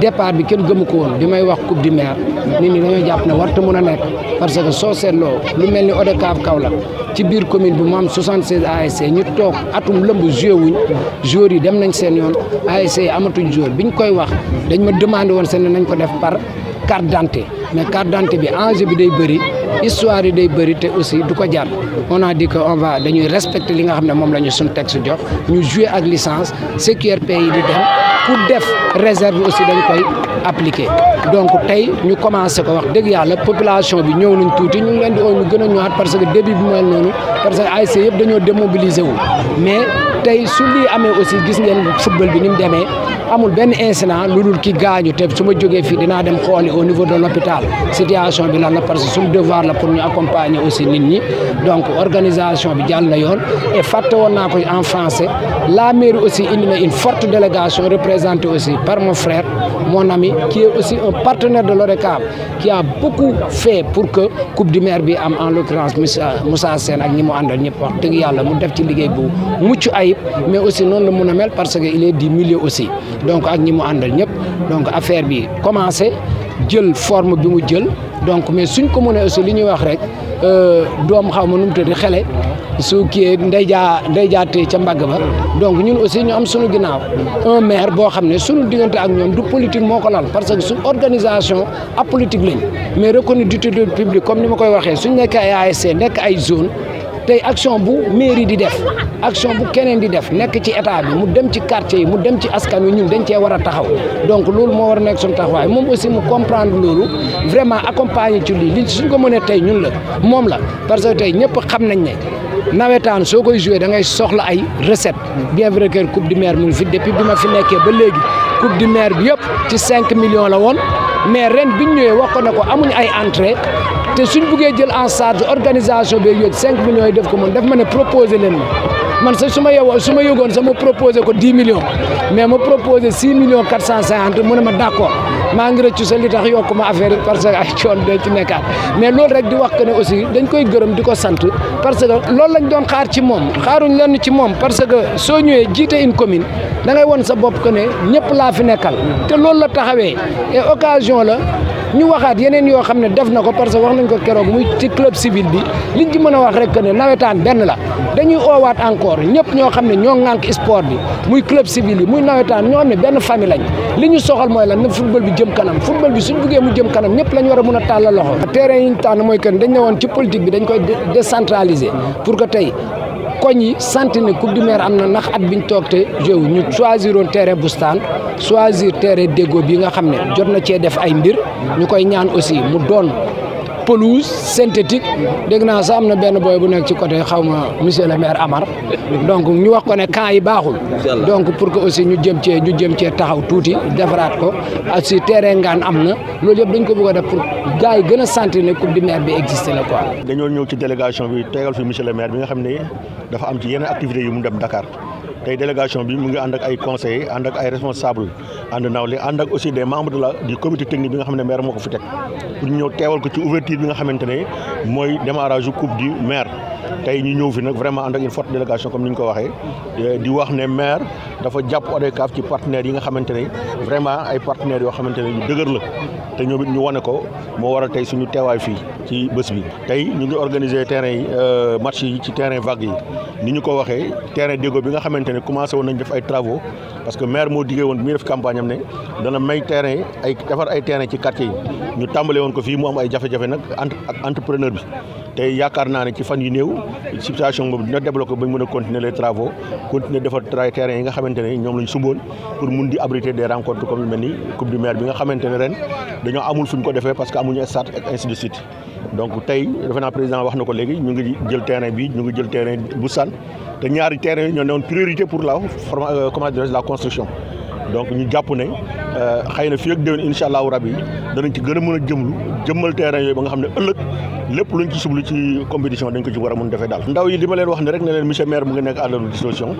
départ bi kenn gëmu ko woon bi may wax coupe du maire nit ñi dañoo jàpp ne warta mun a nekk parce que soo seetloo lu mel ni ODCAV Kaolack ci biir commune bi mu am 76 ASC ñu toog atum lëmb joué wuñ joueurs yi dem nañ seen yoon ASC amatuñ amatuñ bi ñu koy wax dañ ma demandé woon seen nañ ko def par carte d'identité mais carte d'identité bi enjeu bi day bëri histoire yi day bëri te aussi du ko jar on a dit que on va dañuy respecter li nga xam ne moom la ñu suñ texte jox ñu jouer ak licence CQRP yi di dem ku def réserve aussi dañ koy appliquer donc tey ñu commencé ko wax dëgg yàlla population bi ñëw nañ tuuti ñu ngi leen di ñu gën a ñëwaat parce que début bi mel noonu parce que ASC yëpp dañoo démobiliser wu mais tay su lii aussi gis ngeen football bi ni démé amul ben incident lu ki gañu té suma joggé fi dina dinaa dem au niveau de l'hôpital situation bi lan la parce que suñu devoir la pour ñu accompagner aussi nit ñi donc organisation bi jàll na yoon et faté woon ko en français la mairie aussi indi na une forte délégation représentée aussi par mon frère mon ami, qui est aussi un partenaire de l'ORECAB, qui a beaucoup fait pour que Coupe du Maire, en l'occurrence, Moussa Hassan et Nimo Andal, mais aussi non le mel parce qu'il est du milieu aussi. Donc, avec Nimo Andal, donc affaire a commencé. jël forme bi mu jël donc mais suñ ko mënee aussi li ñuy wax rek euh, doom xaw ma nu mu tëdd xele su kii ndey jaa ndey jaa tee ca mbagg ba donc ñun aussi ñu am suñu ginaaw un maire boo xam ne suñu diggante ak ñoom du politique moo ko laal parce que suñu organisation apolitique lañ mais reconnue d'utilité publique comme ni ma koy waxee suñ nekk ay ASC nekk ay zone action bu mairie action bu keneen di def nek ci état bi mu dem ci quartier mu dem ci ñun dañ donc lool mo war a sun suñu mom aussi comprendre vraiment accompagner ci suñ ko mëne tay ñun la la parce que tay ñepp xam nañ ne je koy da ngay soxla ay recette bien vrai que coupe du maire depuis fi ba coupe du maire bi millions la mais ren bi ñu ñëwee wax ko na ko amuñu ay entrée te suñu buggee jël en charge organisation bi yooyu cinq millions yi def ko moom def ma ne proposé leen ma man sax su ma yeewoo su ma yëgoon sax ma ko dix millions mais ma proposé six millions quatre cent cinquante mu ne ma d' accord. maa ngi rëccu sa li tax yokku ma affaire parce que ay coon bee ci nekkaat mais loolu rek di wax que ne aussi dañ koy gërëm di ko sant parce que loolu lañ doon xaar ci moom xaaruñ lenn ci moom parce que soo ñëwee jiite une commune da ngay won sa bopp que ne ñëpp laa fi nekkal te loolu la taxawee et occasion la ñu waxaat yeneen yoo xam ne def na ko parce que wax nañ ko keroog muy ci club civil bi li ñu mën a wax rek que ne nawetaan benn la dañuy oowaat encore ñëpp ñoo xam ne ñoo ŋànk sport bi muy club civil bi muy nawetaan ñoo xam ne benn famille lañ li ñu soxal mooy la na football bi jëm kanam football bi suñ buggee mu jëm kanam ñëpp lañ war a mën a tàllal loxo terrain yi ñu tànn mooy que dañ ne woon ci politique bi dañ koy décentraliser pour que tey koñ yi sant ne coupe du maire am na ndax at bi ñu toog te jow ñu choisiroon terrain bustaan choisir terrain déggoo bi nga xam ne jot na cee def ay mbir ñu koy ñaan aussi mu doon pelouse synthétique dégg naa sax am na benn boy bu nekk ci côté xaw ma monsieur le maire Amar donc ñu wax ko ne camp yi baaxul donc pour que aussi ñu jëm cee ñu jëm cee taxaw tuuti defaraat ko aussi terrain ngaan am na loolu yëpp dañ ko bëgg a def pour gars yi gën a sentir ne coupe du maire bi existé la quoi dañoo ñëw ci délégation bi tegal fi monsieur le maire bi nga xam ne dafa am ci yenn activité yu mu dem Dakar tey délégation bi mu ngi ànd ak ay conseillers ànd ak ay responsable ànd nawle ànd ak aussi des membres a la du comité technique bi nga xam ko fi teg pour ñu ñëw ne mooy démarrage coupe du maire tey ñu ñëw fi nag vraiment ànd ak une forte délégation comme ni ñu ko waxee euh, di wax ne maire dafa jàpp ODCAV ci partenaires yi nga xamante ne vraiment ay partenaires yoo xamante ne ñu dëgër la te ñoom ñu wone ko moo waral tey suñu teewaay fii ci bés bi. tey ñu ngi organiser terrain yi euh, match yi ci terrain vague yi ñu ko waxee terrain xamante ne commencé woon nañ def ay travaux parce que maire moo diggee woon bi muy def campagne am ne dana may terrain ay defar ay terrain ci quartier yi ñu tàmbale woon ko fii mu am ay jafe-jafe nag ak entrepreneur bi tey yaakaar naa ne ci fan yu néew situation boobu dina débloqué ba mun mën a continuer les travaux continuer defar terrain yi nga xamante ne ñoom lañ sumboon pour mun di abriter des rencontres comme yu mel ni coupe du maire bi nga xamante ne ren dañoo amul fu ko defee parce que amuñu stade ak ainsi de suite donc tey defe naa président wax na ko léegi ñu ngi jël terrain bi ñu ngi jël terrain bu san te ñaari terrain yi ñoo newoon priorité pour la forme euh, comment la construction donc ñu japp ne euh, xeyna fi ak deewon inshallah rabbi dañ ci gëna mëna jëmlu jëmmal terrain yoy ba nga xamne ëlëk lepp luñ ci sublu ci compétition dañ ko ci wara mëna defé dal ndaw yi dima leen wax ne rek ne leen monsieur maire mu ngi nekk à la disposition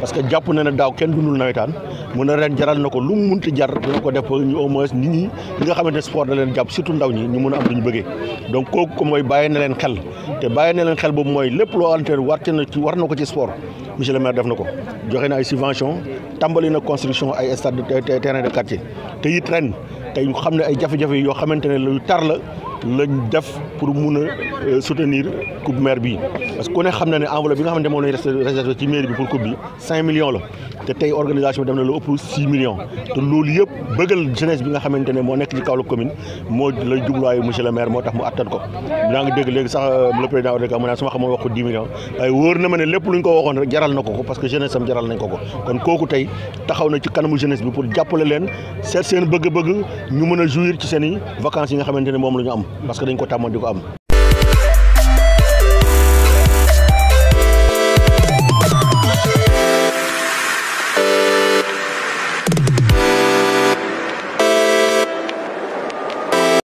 parce que japp ne na daw kenn dundul nawetan mu na ren jaral nako lu mu munti jar dañ ko def ñu au moins nit ñi nga xamne sport da leen japp surtout ndaw ñi ñu mëna am luñu bëgge donc koku ko moy bayé na leen xel te bayé na leen xel bu moy lepp lo alter war ci war nako ci sport monsieur le maire def nako joxé na ay subvention tambali na construction ay stade de terrain de quartier te it ren tey xam ne ay jafé jafé yo xamante lu tar la lañ def pour mun euh, soutenir coupe maire bi parce que ku ne xam na enveloppe bi nga xamné moom lañ réservé ci maire bi pour coupe bi 5 millions la te tey organisation bi dem na lu ëpp 6 millions te loolu yëpp bëggal jeunesse bi nga xamante ne moo nekk ci Kaolack commune moo lay jubluwaayu monsieur le maire moo tax mu attan ko daa ngi dégg léegi sax euh, le président Odeka mu naan su ma xamoon wax ko millions waaye wóor na ma ne lépp lu ñu ko waxoon rek jaral na ko ko parce que jeunesse am jaral nañ ko ko kon kooku tey taxaw na ci kanamu jeunesse bi pour jàppale leen seet seen bëgg-bëgg ñu mën a jouir ci seen i vacances xamante ne moom la ñu am parce que dañ ko tàmmoon di am